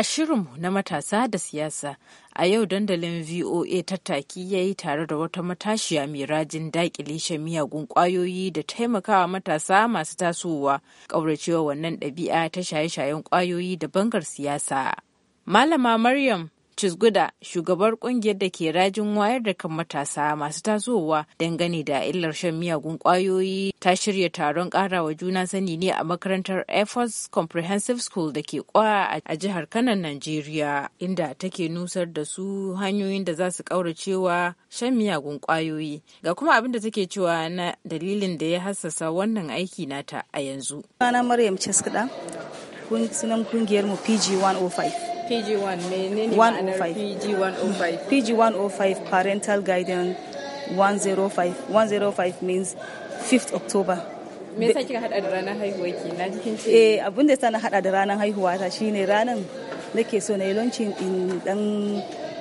A shirinmu na matasa da siyasa, a yau dandalin VOA tattaki ya yi tare da wata matashiya mai rajin daƙile shan miyagun ƙwayoyi da taimakawa matasa masu tasowa ƙauracewa wannan ɗabi'a ta shaye-shayen ƙwayoyi da bangar siyasa. Malama Maryam Chisguda shugabar kungiyar da ke rajin wayar da kan matasa masu tasowa dangane da illar shan miyagun kwayoyi ta shirya taron karawa juna sani ne a makarantar Air Force Comprehensive School da ke kwa a jihar Kanan Najeriya inda take nusar da su hanyoyin da za su kauracewa shan miyagun kwayoyi ga kuma abin da take cewa na dalilin da ya hassasa wannan aiki nata a yanzu. Sunana Maryam Chisguda, sunan kungiyar mu PG 105. PG1 menene ma'anar PG105 PG105 parental guidance 105 105 means 5th October me yasa kika hada da ranar haihuwa ki na jikin ce eh abin da yasa na hada da ranar haihuwa ta shine ranar nake so na yi launching in dan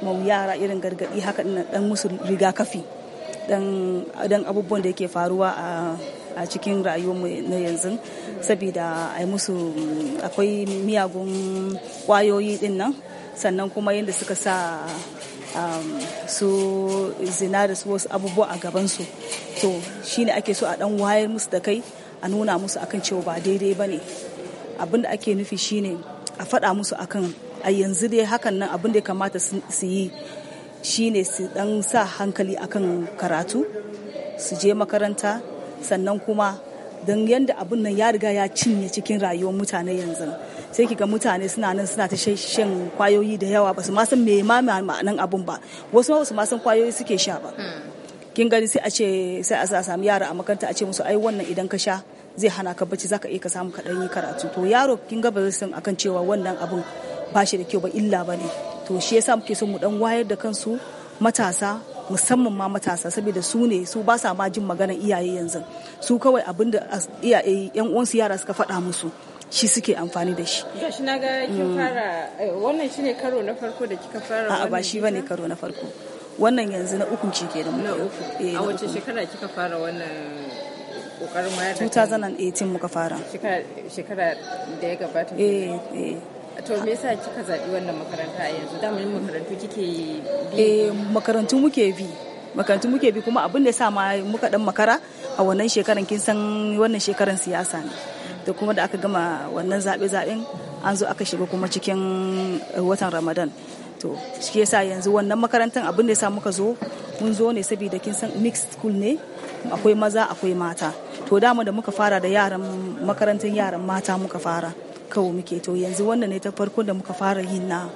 mu yara irin gargadi haka dan musu rigakafi dan abubuwan da yake faruwa a a cikin rayuwarmu na yanzu saboda a musu akwai miyagun kwayoyi din nan sannan kuma yadda suka sa um, su zina da su wasu abubuwa a gabansu to shine ake so a dan wayar musu da kai a nuna musu akan cewa ba daidai ba ne abin da ake nufi shine a faɗa musu akan a yanzu dai hakan nan abin da ya kamata su yi shine su dan sa hankali akan karatu su je makaranta sannan kuma don yadda abun nan ya riga ya cinye cikin rayuwar mutane yanzu sai kika mutane suna nan suna ta shan kwayoyi da yawa ba su ma san me ma ma'anan abun ba wasu ma su ma san kwayoyi suke sha ba hmm. kin gani sai a ce sai a samu yara a makaranta a ce musu ai wannan idan ka sha zai hana ka bacci zaka iya ka samu ka yi karatu to yaro kin ga ba zai san akan cewa wannan abun ba shi da kyau ba illa ba ne to shi yasa muke son mu dan wayar da kansu matasa musamman ma matasa saboda su ne su ba sa ma jin magana iyaye yanzu su kawai abin da iyaye yan uwansu yara suka faɗa musu shi suke amfani da shi. Gashi na ga kin mm. fara eh, wannan shine karo na farko da kika fara wannan A'a ba shi bane karo na farko. Wannan yanzu na ukun ce ke da Na uku. Eh, A wace shekara kika fara wannan kokarin mayar da 2018 muka fara. Shekara da ya gabata. Eh eh. to me yasa kika zaɓi wannan makaranta a yanzu da mun makarantu kike bi eh makarantu muke bi makarantu muke bi kuma abin da sa ma muka dan makara a wannan shekaran kin san wannan shekaran siyasa ne da kuma da aka gama wannan zaɓe zaɓen an zo aka shiga kuma cikin eh, watan ramadan to shi yasa yanzu wannan makarantar abin da yasa muka zo mun zo ne saboda kin san mixed school ne akwai maza akwai mata to dama da muka fara da yaran makarantar yaran mata muka fara kawo muke to yanzu wannan ne ta farko da muka fara yin na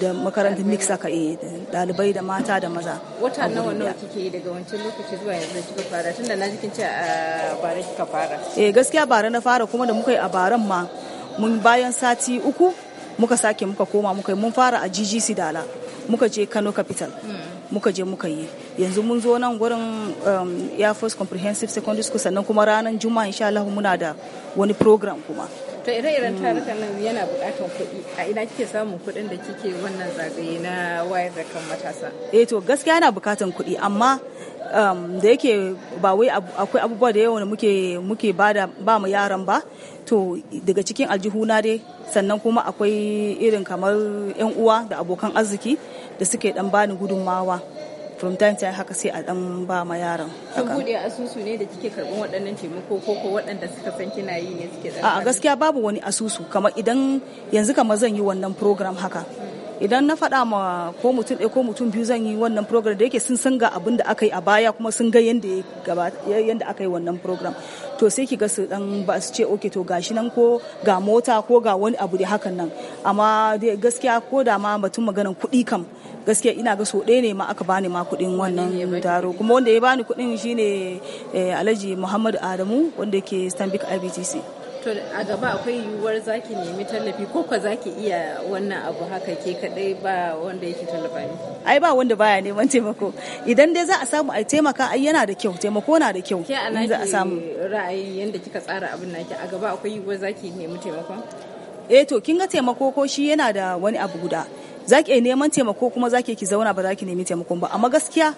da makarantar mix aka yi eh, dalibai da mata da maza wata nawa nawa kike yi daga wancan lokaci zuwa yanzu kika fara tunda na jikin ce a ah, bara kika fara eh gaskiya bara na fara kuma da muka yi a baren ma mun bayan sati uku muka sake muka koma muka yi mun fara a GGC Dala muka je Kano Capital hmm. muka je muka yi yanzu mun zo nan gurin um, Air Force Comprehensive Secondary School sannan kuma ranar Juma'a insha Allah muna da wani program kuma to ire-iren ta nan yana bukatan kuɗi a ina kike samun kuɗin da kike wannan zagaye na wayar da kan matasa eh to gaskiya yana bukatar kuɗi amma um, da yake ba wai akwai abubuwa da yawa muke muke bada ba mu yaran ba to daga cikin aljihuna dai sannan kuma akwai irin kamar yan uwa da abokan arziki da suke dan bani gudunmawa from time to haka sai a dan ba ma yaron kin bude asusu ne da kike karban waɗannan taimako ko ko waɗanda suka san kina yi ne suke da a gaskiya babu wani asusu kamar idan yanzu kamar zan yi wannan program haka idan na faɗa ma ko mutum ɗaya ko mutum biyu zan yi wannan program da yake sun san ga abin da aka yi a baya kuma sun ga yadda aka yi wannan program to sai ki ga su dan ba su ce oke to gashi nan ko ga mota ko ga wani abu da hakan nan amma gaskiya ko da ma mutum maganan kuɗi kam gaskiya ina ga so ɗaya ne ma aka bani ma kuɗin wannan taro kuma wanda ya bani kuɗin shine eh, alhaji muhammadu adamu wanda ke stanbic ibtc to a gaba akwai yiwuwar zaki nemi tallafi ko ka zaki iya wannan abu haka ke kadai ba wanda yake tallafa ne ai ba wanda baya neman taimako idan dai za a samu ai taimaka ai yana da kyau taimako na da kyau ke za a samu ra'ayi yanda kika tsara abin naki a gaba akwai yiwuwar zaki nemi taimako eh to kin ga taimako ko shi yana da wani abu guda za ki neman taimako kuma za ki zauna ba za ki nemi taimakon ba amma gaskiya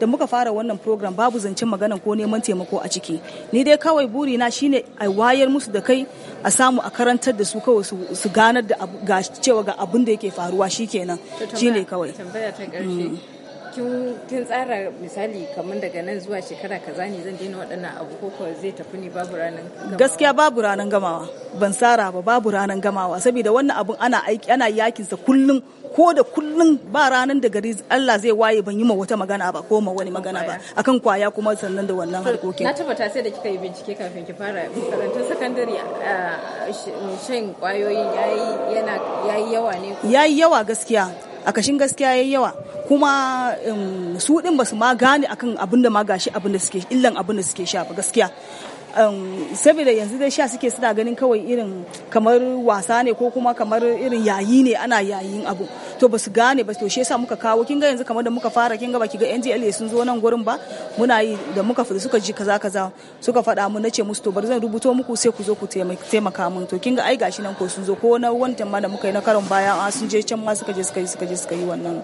da muka fara wannan program babu zancen magana ko neman taimako a ciki ni dai kawai buri na shine a wayar musu da kai a samu a karantar da su kawai su ganar da ga cewa ga abin da yake faruwa shikenan shine kawai mm. kin tsara misali kamar daga nan zuwa shekara kaza ne zan daina waɗannan abu ko kawai zai tafi ni babu ranar gaskiya babu ranar gamawa ban tsara ba babu ranar gamawa saboda wannan abun ana aiki ana yakin sa kullum ko da kullum ba ranar da gari Allah zai waye ban yi ma wata magana ba ko ma wani magana ba akan kwaya kuma sannan da wannan harkokin na tabbata sai da kika yi bincike kafin ki fara makarantun sakandare shan kwayoyin yayi yawa ne yayi yawa gaskiya a kashin gaskiya yayi yawa kuma um, su din basu ma gane akan abin da ma gashi abin da suke illan abin da suke sha ba gaskiya Um, saboda yanzu dai sha suke suna ganin kawai irin kamar wasa ne ko kuma kamar irin yayi ne ana yayin abu to ba su gane ba to shi yasa muka kawo kinga yanzu kamar da muka fara kinga baki ga NGL sun zo nan gurin ba muna yi da muka fita suka ji kaza kaza suka faɗa mu nace musu to bari zan rubuto muku sai ku zo ku taimaka mun to kinga ai gashi nan ko sun zo ko na wancan ma da muka yi na karon baya sun je can ma suka je suka yi suka je suka yi wannan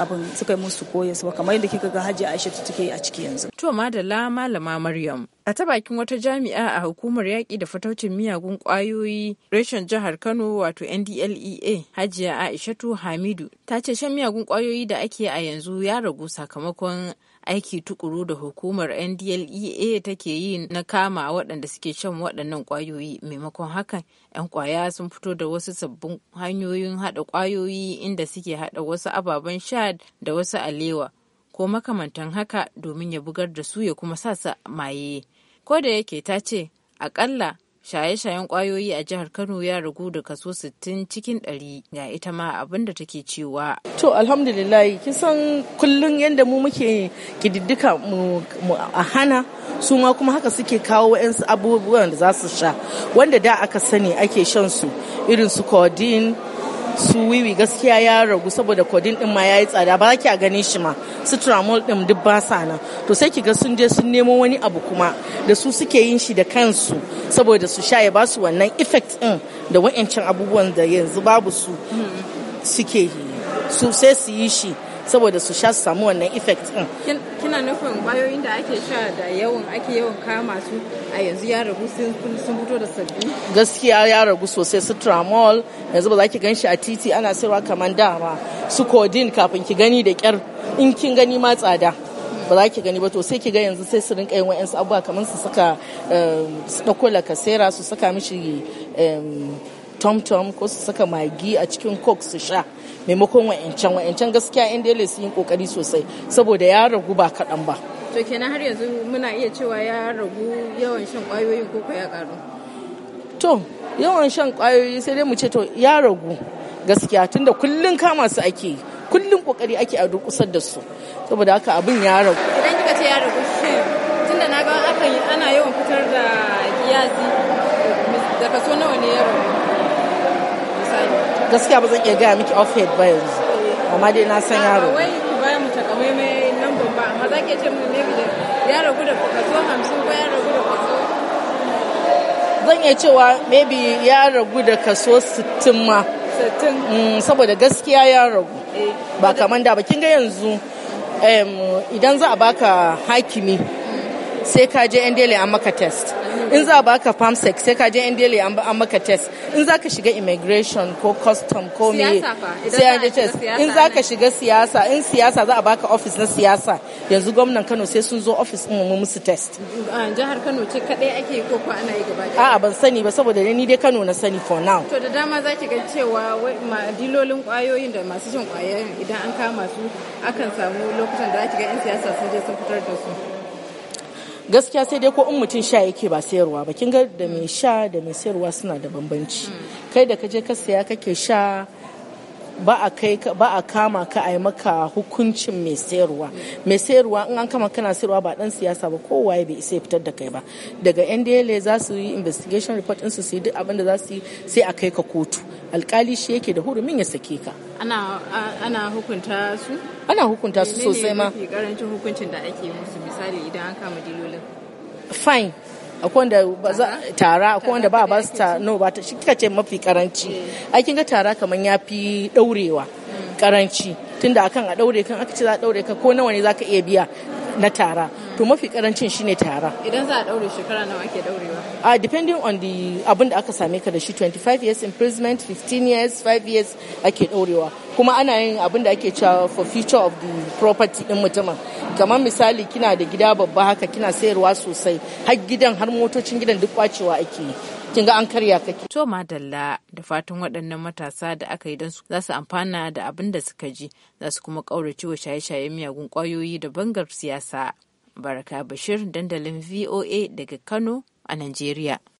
abin suka yi musu koya su kamar yadda kika ga hajji aisha take a ciki yanzu to madalla malama maryam a ta bakin wata jami'a a hukumar yaƙi da fataucin miyagun ƙwayoyi reshen jihar kano wato ndlea hajiya aishatu hamidu ta ce shan miyagun ƙwayoyi da ake a yanzu ya ragu sakamakon aiki tukuru da hukumar ndlea take yi na kama waɗanda suke shan waɗannan ƙwayoyi maimakon hakan 'yan ƙwaya sun fito da wasu sabbin hanyoyin haɗa ƙwayoyi inda suke haɗa wasu ababen sha da wasu alewa ko makamantan haka domin ya bugar da su ya kuma sa maye ko da yake ta ce aƙalla. shaye-shayen kwayoyi a jihar kano ya ragu da kaso 60 cikin 100 ga ita ma abin da take cewa to alhamdulillah kin san kullun yadda mu muke kididdika mu a hana su ma kuma haka suke kawo wa'yansu abubuwan da za su sha wanda da aka sani ake shan su irin su codeine su wiwi gaskiya ya ragu saboda kodin din ma ya yi tsada ba ki a ganin shi ma su tramol din duk ba sa nan to sai ki ga sun je sun nemo wani abu kuma da su suke yin shi da kansu saboda su sha ya ba su wannan effect din da wa'ancan abubuwan da yanzu babu su suke yi su sai su yi shi saboda su sha su samu wannan effect din kina nufin bayoyin da ake sha da yawan ake yawan kama su a yanzu ya ragu sun fito da sabbi gaskiya ya ragu sosai su tramol yanzu ba za ki shi a titi ana sayarwa kamar da su kodin kafin ki gani da kyar in kin gani ma tsada ba za ki gani ba to sai ki ga yanzu sai su rinka yin wa'ansu abubuwa kamar su saka ehm, su ɗauko lakasera su saka mishi ehm, tom-tom ko su saka magi a cikin coke su sha maimakon wa'ancan wa'ancan gaskiya yan dole su yi kokari sosai saboda ya ragu ba kaɗan ba to kenan har yanzu muna iya cewa ya ragu yawan shan kwayoyi ko ya karu to yawan shan kwayoyi sai dai mu ce to ya ragu gaskiya tunda kullun kama su ake kullun kokari ake a durkusar da su saboda haka abin ya ragu idan kika ce ya ragu shi tunda na ga yi ana yawan fitar da giyazi da kaso nawa ne ya ragu gaskiya ba zan iya gaya miki off head ba yanzu amma dai na san yaro wai ba mu takamaimai nan ba amma za ke ce mu ya ragu da kaso hamsin ko ya ragu da kaso zan iya cewa maybe ya ragu da kaso sittin ma mm, saboda gaskiya ya ragu eh. ba kamar da ba kin ga yanzu idan za a baka hakimi sai ka je yan dele an maka test in za ba ka farm sex sai ka je yan dele an maka test in za ka shiga immigration ko custom ko me sai an je test in za ka shiga siyasa in siyasa za a baka office na siyasa yanzu gwamnan Kano sai sun zo office din mu musu test jihar Kano ce kadai ake yi ko ko ana yi gaba a'a ban sani ba saboda ni dai Kano na sani for now to da dama za ki ga cewa dilolin kwayoyin da masu shan kwayoyin idan an kama su akan samu lokutan da ake ga 'yan siyasa sun je sun fitar da su gaskiya sai dai ko in mutum sha yake ba sayarwa ba kin ga da mai sha da mai sayarwa suna da bambanci kai da kaje ka saya kake sha ba a kama ka a maka hukuncin mai sayarwa mai sayarwa in an kama kana sayarwa ba dan siyasa ba kowa ya bai isa ya fitar da kai ba daga NDLA za su yi investigation report din su su yi duk abin za su yi sai a kai ka kotu alkali shi yake da hurumin ya sake ka ana hukunta su ana hukunta su sosai ma ne karancin hukuncin da ake musu misali idan an kama dilolin fine akwai wanda ba za tara akwai wanda ba ba su ta no ba ta shi kika ce mafi karanci eh. Aikin ga tara kaman fi daurewa hmm. karanci tunda akan a daure kan aka ce za a daure ka ko nawa ne za ka iya biya na tara to mafi karancin shine tara idan za a daure shekara nawa ake daurewa a ah, depending on the abin da aka same ka da shi 25 years imprisonment 15 years 5 years ake daurewa kuma ana yin abin da ake cewa for future of the property din mutumin kamar misali kina da gida babba haka kina sayarwa sosai har gidan har motocin gidan duk kwacewa ake yi kin ga an karya kake. To madalla da fatan waɗannan matasa da aka yi don su za su amfana da abin da suka ji za su kuma ƙaurace wa shaye-shayen miyagun ƙwayoyi da bangar siyasa. Baraka Bashir dandalin VOA daga Kano a Najeriya.